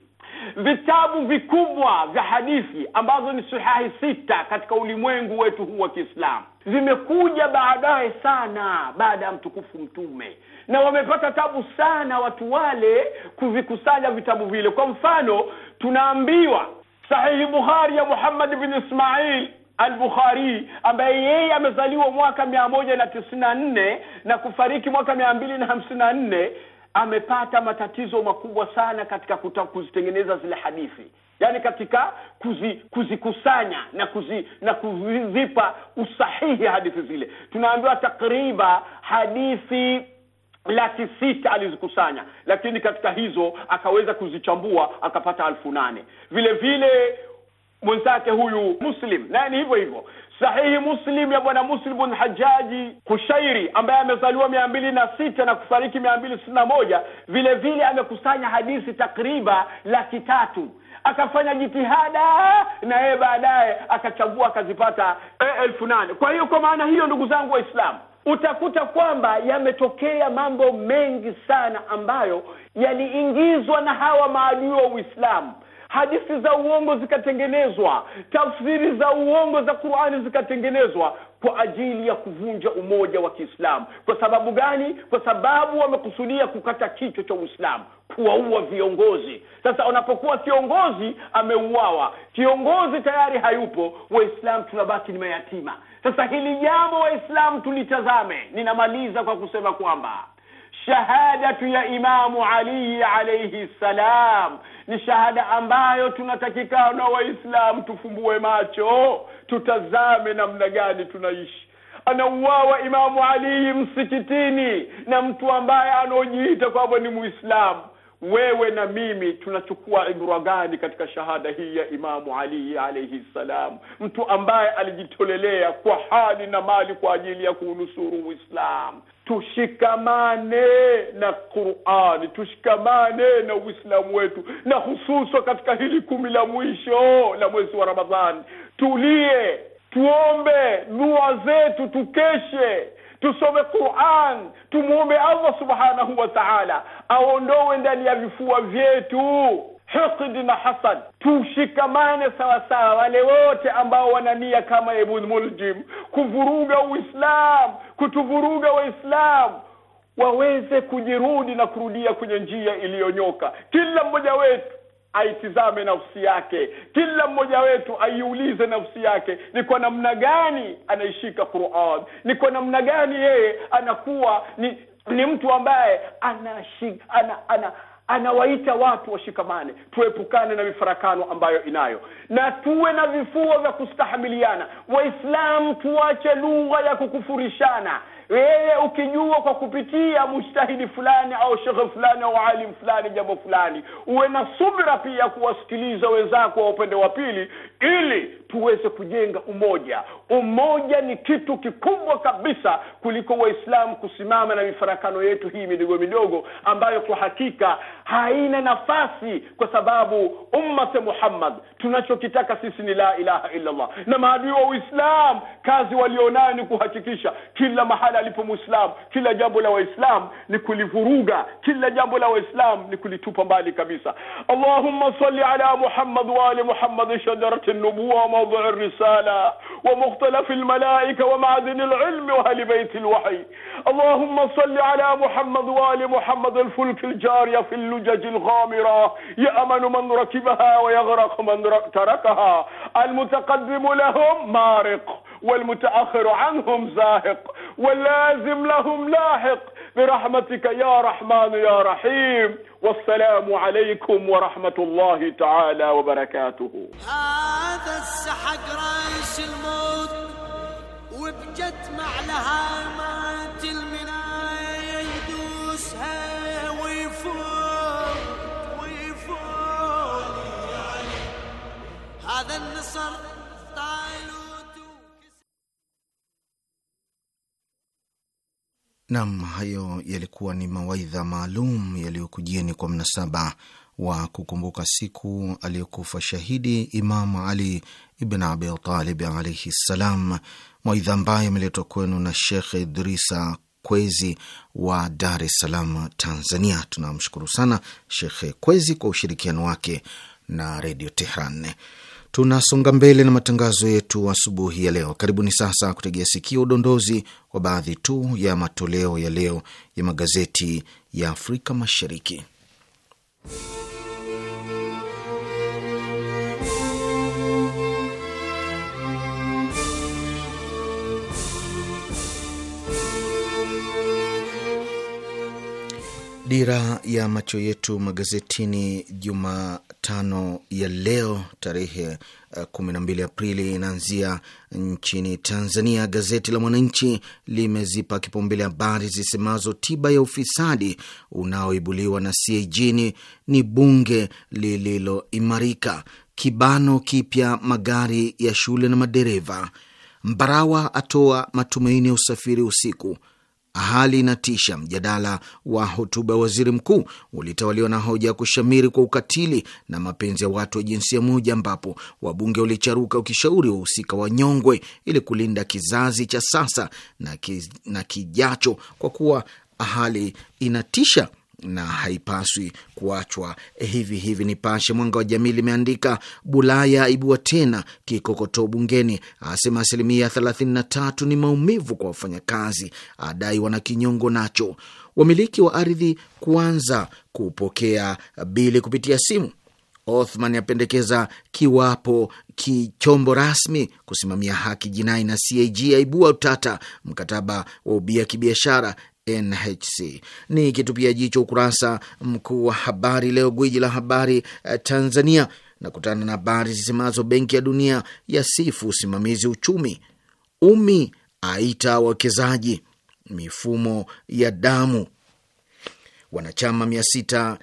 vitabu vikubwa vya hadithi ambazo ni sahihi sita katika ulimwengu wetu huu wa kiislamu vimekuja baadaye sana baada ya mtukufu mtume na wamepata tabu sana watu wale kuvikusanya vitabu vile kwa mfano tunaambiwa sahihi bukhari ya muhammad bin ismail albukhari ambaye yeye amezaliwa mwaka mia moja na tisini na nne na kufariki mwaka mia mbili na hamsini na nne amepata matatizo makubwa sana katika kuzitengeneza zile hadithi yaani katika kuzikusanya kuzi na kuzi, na kuzipa usahihi hadithi zile tunaambiwa takriba hadithi laki sita alizikusanya lakini katika hizo akaweza kuzichambua akapata alfu nane vile vile mwenzake huyu Muslim naye ni hivyo hivyo. Sahihi Muslim ya bwana Muslim bin Hajaji Kushairi ambaye amezaliwa mia mbili na sita na kufariki mia mbili sitini na moja vile vile amekusanya hadithi takriba laki tatu akafanya jitihada na yeye baadaye akachagua akazipata e, elfu nane. Kwa hiyo kwa maana hiyo, ndugu zangu Waislamu, utakuta kwamba yametokea mambo mengi sana ambayo yaliingizwa na hawa maadui wa Uislamu hadithi za uongo zikatengenezwa tafsiri za uongo za qurani zikatengenezwa kwa ajili ya kuvunja umoja wa kiislamu kwa sababu gani kwa sababu wamekusudia kukata kichwa cha uislamu kuwaua viongozi sasa unapokuwa kiongozi ameuawa kiongozi tayari hayupo waislamu tunabaki ni mayatima sasa hili jambo waislamu tulitazame ninamaliza kwa kusema kwamba shahadatu ya imamu ali alaihi ssalam ni shahada ambayo tunatakikana waislamu tufumbue macho tutazame namna gani tunaishi anauawa imamu alii msikitini na mtu ambaye anaojiita kwamba ni muislamu wewe na mimi tunachukua ibra gani katika shahada hii ya Imamu Ali alayhi salam, mtu ambaye alijitolelea kwa hali na mali kwa ajili ya kuunusuru Uislamu. Tushikamane na Qurani, tushikamane na Uislamu wetu, na hususa katika hili kumi la mwisho la mwezi wa Ramadhani, tulie, tuombe dua zetu, tukeshe tusome quran tumuombe allah subhanahu wa taala aondowe ndani ya vifua vyetu hikdi na hasad tushikamane sawasawa wale wote ambao wanania kama ibn muljim kuvuruga uislam kutuvuruga waislamu waweze kujirudi na kurudia kwenye njia iliyonyoka kila mmoja wetu aitizame nafsi yake kila mmoja wetu aiulize nafsi yake ni kwa namna gani anaishika quran ni kwa namna gani yeye anakuwa ni ni mtu ambaye anashik, ana, ana anawaita watu washikamane tuepukane na mifarakano ambayo inayo na tuwe na vifuo vya kustahamiliana waislamu tuache lugha ya kukufurishana wewe ukijua kwa kupitia mujtahidi fulani au shekhe fulani au alim fulani jambo fulani uwe na subra pia kuwasikiliza wenzako wa upande wa pili ili tuweze kujenga umoja umoja ni kitu kikubwa kabisa kuliko waislamu kusimama na mifarakano yetu hii midogo midogo ambayo kwa hakika haina nafasi kwa sababu ummate muhammad tunachokitaka sisi ni la ilaha illallah na maadui wa uislamu kazi walionayo ni kuhakikisha kila mahala alipo Muislamu, kila jambo la waislamu ni kulivuruga kila jambo la waislamu ni kulitupa mbali kabisa allahumma salli ala muhammad waali muhammad shajarati nubuwa وموضع الرسالة ومختلف الملائكة ومعدن العلم وهل بيت الوحي اللهم صل على محمد وآل محمد الفلك الجارية في اللجج الغامرة يأمن من ركبها ويغرق من تركها المتقدم لهم مارق والمتأخر عنهم زاهق واللازم لهم لاحق برحمتك يا رحمن يا رحيم والسلام عليكم ورحمة الله تعالى وبركاته آه. هذا السحق رايش الموت وبجت معلها مات المناية يدوسها ويفوت ويفوت هذا النصر طالوت نعم, hayo yalikuwa ni mawaidha maalum yaliyokujieni kwa mnasaba wa kukumbuka siku aliyokufa shahidi imam Ali ibn Abi Talib alaihi ssalam, mwaidha ambayo ameletwa kwenu na Shekh Idrisa Kwezi wa Dar es Salaam, Tanzania. Tunamshukuru sana Shekh Kwezi kwa ushirikiano wake na Redio Tehran. Tunasonga mbele na matangazo yetu asubuhi ya leo. Karibuni sasa kutegea sikio udondozi wa baadhi tu ya matoleo ya leo ya magazeti ya Afrika Mashariki. Thank you Dira ya macho yetu magazetini Jumatano ya leo tarehe 12 eh, Aprili inaanzia nchini Tanzania. Gazeti la Mwananchi limezipa kipaumbele habari zisemazo tiba ya ufisadi unaoibuliwa na CAG ni bunge lililoimarika, kibano kipya magari ya shule na madereva, Mbarawa atoa matumaini ya usafiri usiku hali inatisha. Mjadala wa hotuba ya waziri mkuu ulitawaliwa na hoja ya kushamiri kwa ukatili na mapenzi ya watu wa jinsia moja, ambapo wabunge walicharuka ukishauri wahusika wanyongwe ili kulinda kizazi cha sasa na, ki, na kijacho kwa kuwa hali inatisha na haipaswi kuachwa hivi hivi. Nipashe Mwanga wa Jamii limeandika Bulaya aibua tena kikokotoo bungeni, asema asilimia tatu ni maumivu kwa wafanyakazi, adai wana kinyongo nacho. Wamiliki wa ardhi kuanza kupokea bili kupitia simu. Othman apendekeza kiwapo kichombo rasmi kusimamia haki jinai, na CAG aibua utata mkataba wa ubia kibiashara. NHC. Ni kitupia jicho ukurasa mkuu wa habari leo, gwiji la habari eh, Tanzania, na kutana na habari zisemazo Benki ya Dunia yasifu usimamizi uchumi, umi aita wawekezaji, mifumo ya damu, wanachama mia sita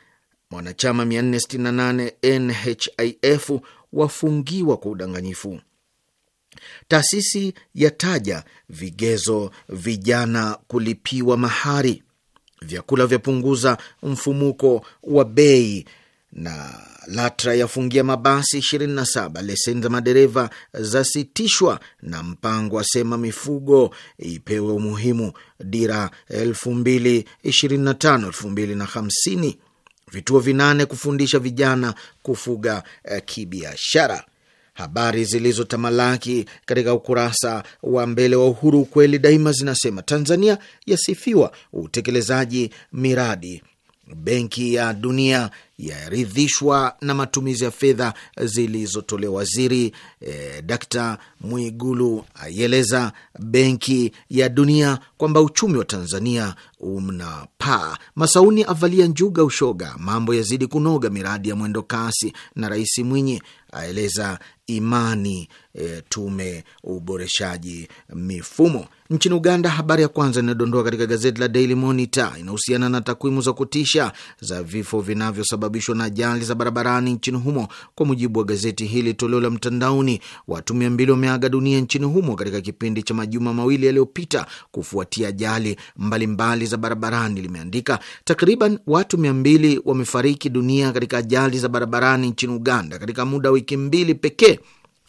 wanachama 468 NHIF wafungiwa kwa udanganyifu Taasisi yataja vigezo vijana kulipiwa mahari. Vyakula vyapunguza mfumuko wa bei na LATRA yafungia mabasi 27. Leseni za madereva zasitishwa na mpango asema mifugo ipewe umuhimu. Dira 2025 2050, vituo vinane kufundisha vijana kufuga kibiashara. Habari zilizotamalaki katika ukurasa wa mbele wa Uhuru Ukweli Daima zinasema Tanzania yasifiwa utekelezaji miradi, Benki ya Dunia yaridhishwa na matumizi ya fedha zilizotolewa. Waziri eh, Dkt Mwigulu aieleza Benki ya Dunia kwamba uchumi wa Tanzania unapaa. Masauni avalia njuga ushoga, mambo yazidi kunoga miradi ya mwendo kasi, na Rais Mwinyi aeleza imani e, tume uboreshaji mifumo nchini Uganda. Habari ya kwanza inayodondoa katika gazeti la Daily Monitor inahusiana na takwimu za kutisha za vifo vinavyosababishwa na ajali za barabarani nchini humo. Kwa mujibu wa gazeti hili toleo la mtandaoni, watu mia mbili wameaga dunia nchini humo katika kipindi cha majuma mawili yaliyopita kufuatia ajali mbalimbali za barabarani. Limeandika takriban watu mia mbili wamefariki dunia katika ajali za barabarani nchini Uganda katika muda wa wiki mbili pekee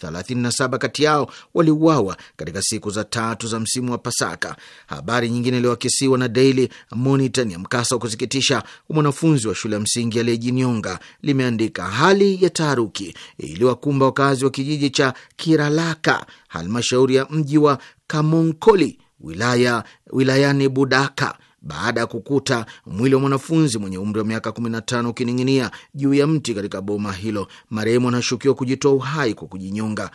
37 kati yao waliuawa katika siku za tatu za msimu wa Pasaka. Habari nyingine iliyoakisiwa na Daily Monitor ni ya mkasa wa kusikitisha wa mwanafunzi wa shule ya msingi aliyejinyonga. Limeandika hali ya taharuki iliwakumba wakazi wa kijiji cha Kiralaka, halmashauri ya mji wa Kamonkoli, wilaya wilayani Budaka baada ya kukuta mwili wa mwanafunzi mwenye umri wa miaka 15 ukining'inia juu ya mti katika boma hilo. Marehemu anashukiwa kujitoa uhai kwa kujinyonga.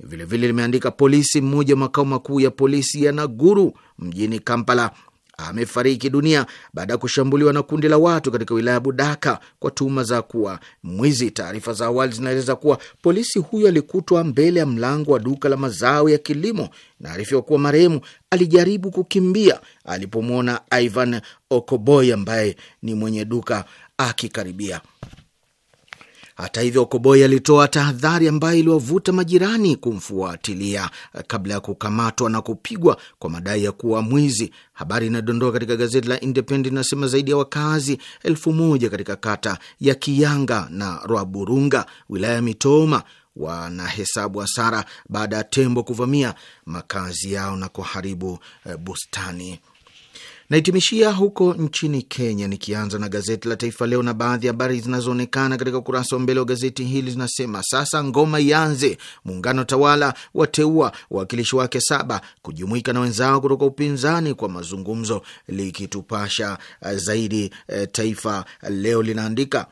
Vilevile limeandika polisi mmoja makao makuu ya polisi ya Naguru mjini Kampala amefariki dunia baada ya kushambuliwa na kundi la watu katika wilaya ya Budaka kwa tuhuma za kuwa mwizi. Taarifa za awali zinaeleza kuwa polisi huyo alikutwa mbele ya mlango wa duka la mazao ya kilimo. Inaarifiwa kuwa marehemu alijaribu kukimbia alipomwona Ivan Okoboy ambaye ni mwenye duka akikaribia. Hata hivyo, Koboi alitoa tahadhari ambayo iliwavuta majirani kumfuatilia kabla ya kukamatwa na kupigwa kwa madai ya kuwa mwizi. Habari inayodondoka katika gazeti la Independent inasema zaidi ya wakazi elfu moja katika kata ya Kiyanga na Rwaburunga wilaya ya Mitoma wanahesabu hasara baada ya tembo kuvamia makazi yao na kuharibu eh, bustani naitimishia huko nchini Kenya, nikianza na gazeti la Taifa Leo, na baadhi ya habari zinazoonekana katika ukurasa wa mbele wa gazeti hili zinasema: sasa ngoma ianze, muungano tawala wateua wawakilishi wake saba kujumuika na wenzao kutoka upinzani kwa mazungumzo. Likitupasha zaidi, eh, Taifa Leo linaandika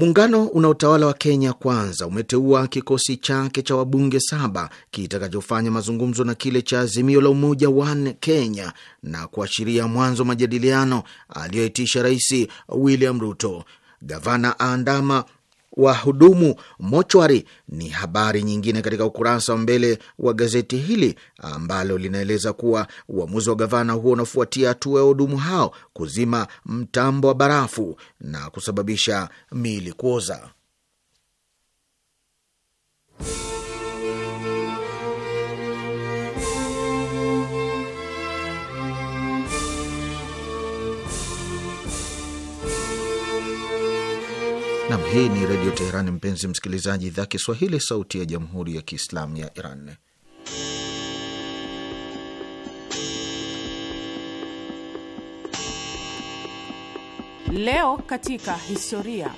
Muungano una utawala wa Kenya Kwanza umeteua kikosi chake cha wabunge saba kitakachofanya mazungumzo na kile cha Azimio la Umoja One Kenya na kuashiria mwanzo majadiliano aliyoitisha Rais William Ruto. Gavana andama wahudumu mochwari ni habari nyingine katika ukurasa wa mbele wa gazeti hili ambalo linaeleza kuwa uamuzi wa gavana huo unafuatia hatua ya wahudumu hao kuzima mtambo wa barafu na kusababisha miili kuoza. Nam, hii ni Redio Teheran, mpenzi msikilizaji, idhaa Kiswahili, sauti ya jamhuri ya kiislamu ya Iran. Leo katika historia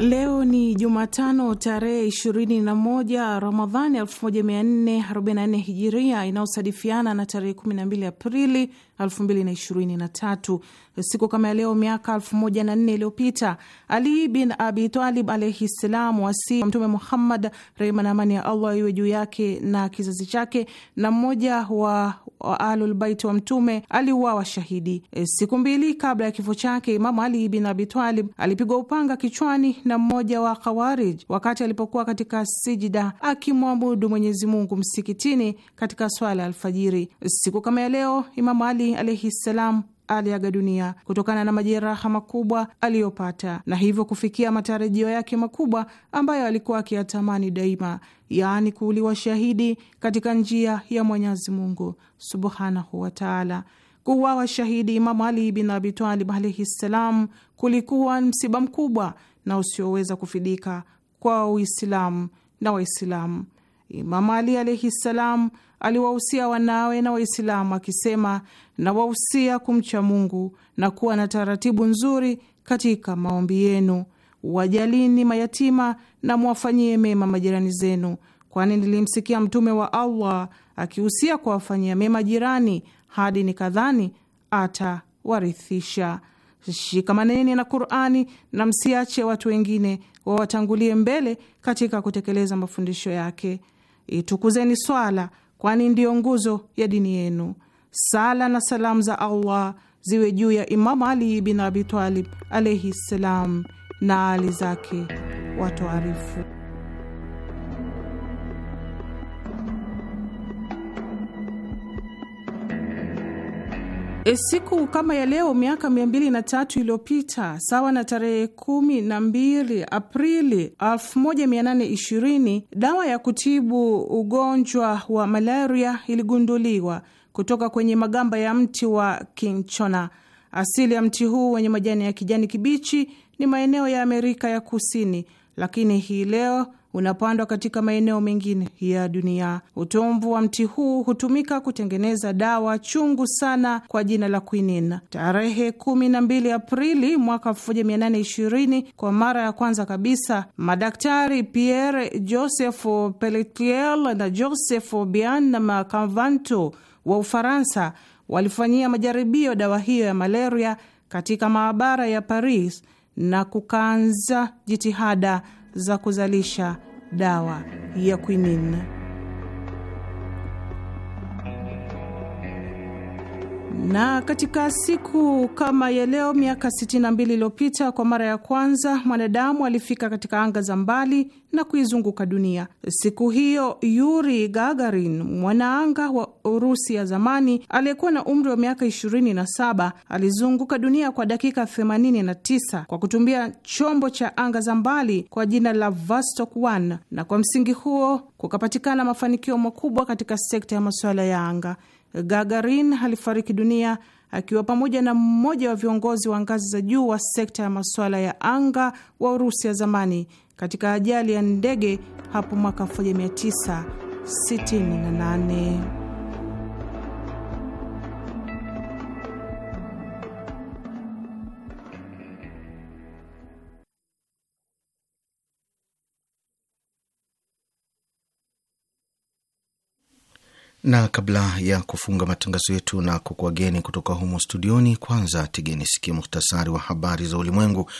Leo ni Jumatano tarehe 21 Ramadhani 1444 Hijiria, inayosadifiana na tarehe 12 Aprili 2023. Siku kama ya leo miaka 14 iliyopita, Ali bin Abi Talib alaihi ssalam, wasi Mtume Muhammad, rehma na amani ya Allah iwe juu yake na kizazi chake, na mmoja wa wa Ahlulbaiti wa Mtume aliuawa shahidi. E, siku mbili kabla ya kifo chake, Imamu Ali bin Abitalib alipigwa upanga kichwani na mmoja wa Khawarij wakati alipokuwa katika sijida akimwabudu Mwenyezi Mungu msikitini katika swala ya alfajiri. E, siku kama ya leo, Imamu Ali alaihi ssalam aliaga dunia kutokana na majeraha makubwa aliyopata na hivyo kufikia matarajio yake makubwa ambayo alikuwa akiyatamani daima, yaani kuuliwa shahidi katika njia ya Mwenyezi Mungu subhanahu wataala. Kuuawa shahidi Imamu Ali bin Abitalib alaihi ssalam kulikuwa msiba mkubwa na usioweza kufidika kwa Uislamu na Waislamu. Imamu Ali alaihi ssalam aliwahusia wanawe na Waislamu akisema, nawahusia kumcha Mungu na kuwa na taratibu nzuri katika maombi yenu. Wajalini mayatima na mwafanyie mema majirani zenu, kwani nilimsikia Mtume wa Allah akihusia kuwafanyia mema jirani hadi nikadhani atawarithisha. Shikamaneni na Qurani na msiache watu wengine wawatangulie mbele katika kutekeleza mafundisho yake itukuzeni swala, kwani ndiyo nguzo ya dini yenu. Sala na salamu za Allah ziwe juu ya Imamu Ali bin Abi Talib alaihi ssalam na ali zake watoarifu. E, siku kama ya leo miaka mia mbili na tatu iliyopita sawa na tarehe kumi na mbili Aprili ishirini dawa ya kutibu ugonjwa wa malaria iligunduliwa kutoka kwenye magamba ya mti wa kinchona. Asili ya mti huu wenye majani ya kijani kibichi ni maeneo ya Amerika ya Kusini, lakini hii leo unapandwa katika maeneo mengine ya dunia. Utomvu wa mti huu hutumika kutengeneza dawa chungu sana kwa jina la quinine. Tarehe 12 Aprili mwaka 1820, kwa mara ya kwanza kabisa madaktari Pierre Joseph Pelletier na Joseph Bian Macanvanto wa Ufaransa walifanyia majaribio dawa hiyo ya malaria katika maabara ya Paris na kukaanza jitihada za kuzalisha dawa ya kwinini. Na katika siku kama ya leo miaka 62 iliyopita, kwa mara ya kwanza mwanadamu alifika katika anga za mbali na kuizunguka dunia. Siku hiyo Yuri Gagarin, mwanaanga wa Urusi ya zamani aliyekuwa na umri wa miaka 27, alizunguka dunia kwa dakika 89 kwa kutumia chombo cha anga za mbali kwa jina la Vostok 1, na kwa msingi huo kukapatikana mafanikio makubwa katika sekta ya masuala ya anga. Gagarin alifariki dunia akiwa pamoja na mmoja wa viongozi wa ngazi za juu wa sekta ya masuala ya anga wa Urusi ya zamani katika ajali ya ndege hapo mwaka 1968. na kabla ya kufunga matangazo yetu na kukuageni kutoka humo studioni, kwanza tigeni sikia muhtasari wa habari za ulimwengu.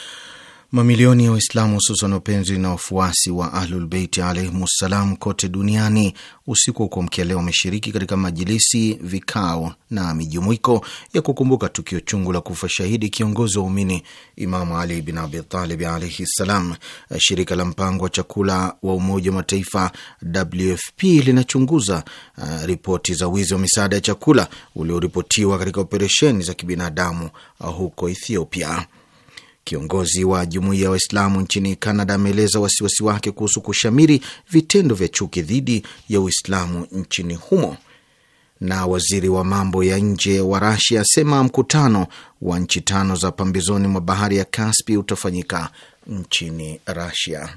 Mamilioni ya Waislamu hususan wapenzi na wafuasi wa Ahlulbeiti alaihimussalam kote duniani usiku wa kuamkia leo wameshiriki katika majilisi, vikao na mijumuiko ya kukumbuka tukio chungu la kufa shahidi kiongozi wa umini Imamu Ali bin Abitalib alaihi ssalam. Shirika la mpango wa chakula wa Umoja wa Mataifa WFP linachunguza uh, ripoti za wizi wa misaada ya chakula ulioripotiwa katika operesheni za kibinadamu uh, huko Ethiopia. Kiongozi wa jumuiya ya Waislamu nchini canada ameeleza wasiwasi wake kuhusu kushamiri vitendo vya chuki dhidi ya Uislamu nchini humo, na waziri wa mambo ya nje wa Rasia asema mkutano wa nchi tano za pambizoni mwa bahari ya Kaspi utafanyika nchini Rasia